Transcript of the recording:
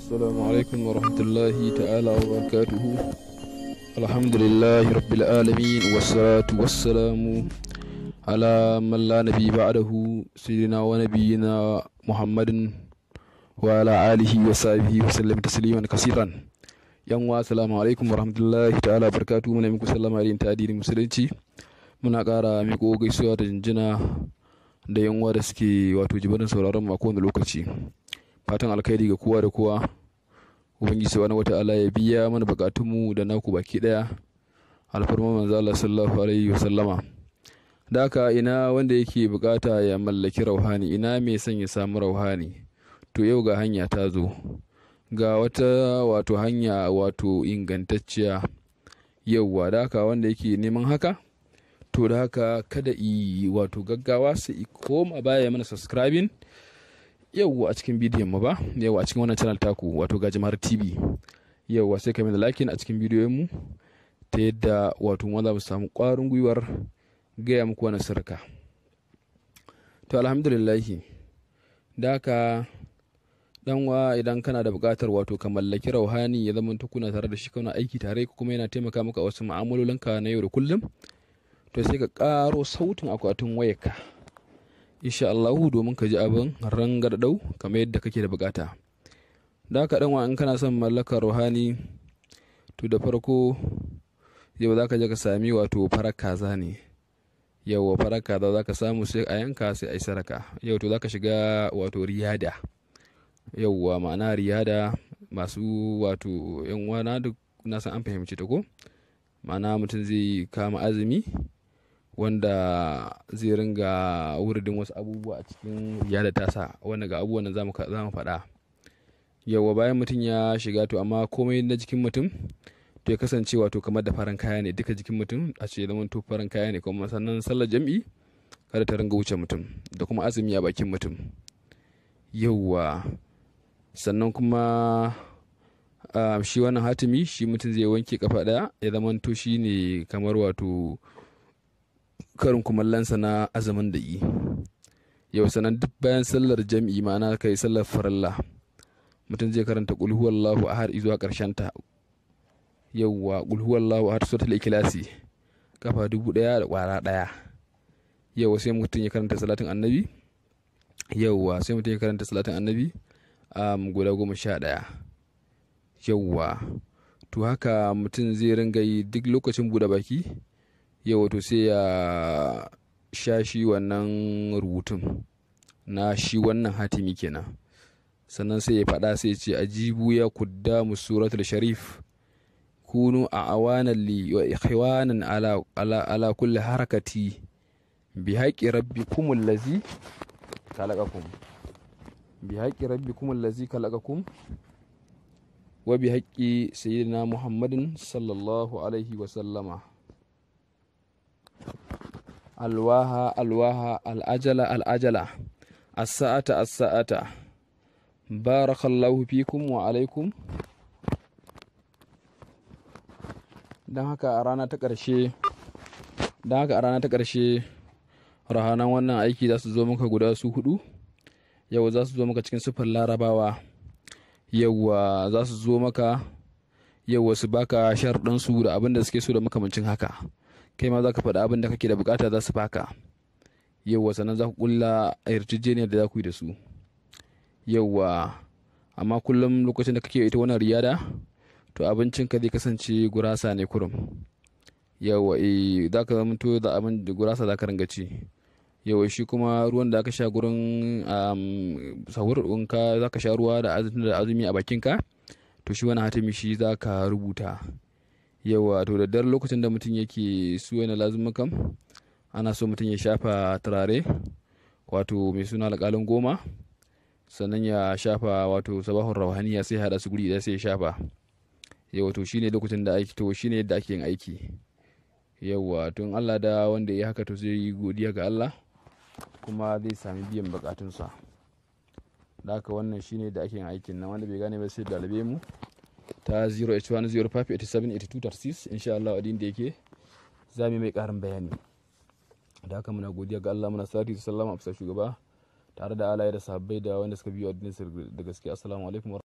السلام عليكم ورحمة الله تعالى وبركاته الحمد لله رب العالمين والصلاة والسلام على من لا نبي بعده سيدنا ونبينا محمد وعلى آله وصحبه وسلم تسليما كثيرا يوم السلام عليكم ورحمة الله تعالى وبركاته من أمكم سلام عليكم تأدير مسلمتي muna ƙara miko gaisuwa da jinjina da yanwa da suke wato jibirin sauraron mu da lokaci fatan alkhairi ga kowa da kowa ubangiji subhanahu wata'ala ya biya mana bukatun mu da naku baki daya alfarma manzo Allah sallallahu alaihi wasallama da ina wanda yake bukata ya mallaki rauhani ina mai son ya samu rauhani to yau ga hanya ta zo ga wata wato hanya wato ingantacciya yauwa da wanda yake neman haka to da haka kada i wato gaggawa sai i koma baya mana subscribing yau a cikin bidiyon mu ba yau a cikin wannan channel taku wato gajimar tv yau sai ka da lakin a cikin bidiyon mu ta yadda wato mu za mu samu kwarin gwiwar gaya muku wani sirka to alhamdulillahi da ka danwa idan kana da buƙatar wato ka mallaki rauhani ya zama kuna tare da shi kana aiki tare kuma yana taimaka maka wasu mu'amalolinka na yau da kullum to sai ka karo sautin akwatin wayarka insha Allahu domin ka ji abin rangar ɗau kamar yadda kake da bukata da ka dan in kana son mallakar ruhani to da farko yau za ka je ka sami wato farar kaza ne yau farar kaza za ka samu sai a yanka sai a yi saraka yau to za ka shiga wato riyada yau wa ma'ana riyada masu wato yan wana duk na an fahimci ta ko ma'ana mutum zai kama azumi wanda zai ringa wuridin wasu abubuwa a cikin ta tasa wanda ga abubuwan da za mu faɗa yawa bayan mutum ya shiga to amma komai na jikin mutum to ya kasance wato kamar da farin kaya ne duka jikin mutum a ce zaman to farin kaya ne kuma sannan sallar jam'i kada ta ringa wuce mutum da kuma azumi a bakin mutum yawa sannan kuma ah, shi wannan hatimi shi mutum zai wanke kafa ɗaya ya zaman to shi ne kamar wato karin kumallonsa na azumin da yi yau sanan duk bayan sallar jam'i ma'ana kai sallar farilla mutum zai karanta lahu a har izuwa ƙarshen ta yawwa qul huwallahu ahad suratul ikilasi kafa dubu daya da kwara daya yawwa sai mutum ya karanta salatin annabi yawwa sai mutum ya karanta salatin annabi a um, guda goma sha daya yawwa to haka mutum zai ringa yi duk lokacin bude baki yau wato sai ya sha shi wannan rubutun na shi wannan hatimi kenan sannan sai ya faɗa sai ce ajibu ya kudda suratul sharif kunu a awanan li wa ikhwanan ala, ala, ala kulli harakati bi haƙi rabbi kumul lazi kalakakum bi haƙi rabbi kumul lazi wa bi haƙi sayyidina muhammadin sallallahu alaihi wa sallama alwaha alwaha al'ajala al'ajala as-sa'ata as-sa'ata barakallahu fikum wa alaikum don haka a rana ta ƙarshe don haka a rana ta ƙarshe rahanan wannan aiki za su zo muka guda su hudu yau za su zo muka cikin siffar larabawa yauwa za su zo maka yauwa su baka sharɗansu da abinda suke so da makamancin haka kai ma za ka faɗa abin da kake da bukata za su faka yauwa sannan za ku kulla a yarjejeniyar da za ku yi da su yauwa amma kullum lokacin da kake ita wannan riyada to abincin ka zai kasance gurasa ne kurum yawa eh za ka zama to da abin da gurasa za ka ringa ci yawa shi kuma ruwan da aka sha gurin sahur ɗinka za ka sha ruwa da azumi a bakinka to shi wani hatimi shi za ka rubuta yawa to da dar lokacin da mutum yake su yana lazumukan ana so mutum ya shafa turare wato mai suna alkalin goma sannan ya shafa wato sabahun rauhaniya sai hada su guri da sai ya shafa yawa to shine lokacin da aiki to shine yadda ake yin aiki yawa tun Allah da wanda ya haka to zai yi godiya ga Allah kuma zai sami biyan bukatunsa da haka wannan shine da ake yin aikin nan wanda bai gane ba sai dalibe mu ta 0 h 36 insha Allah wadin da yake za mu mai karin bayani da haka muna godiya ga Allah muna sati sallama a bisa shugaba tare da alaye da sahabbai da wanda suka biyo addinin da gaskiya assalamu alaikum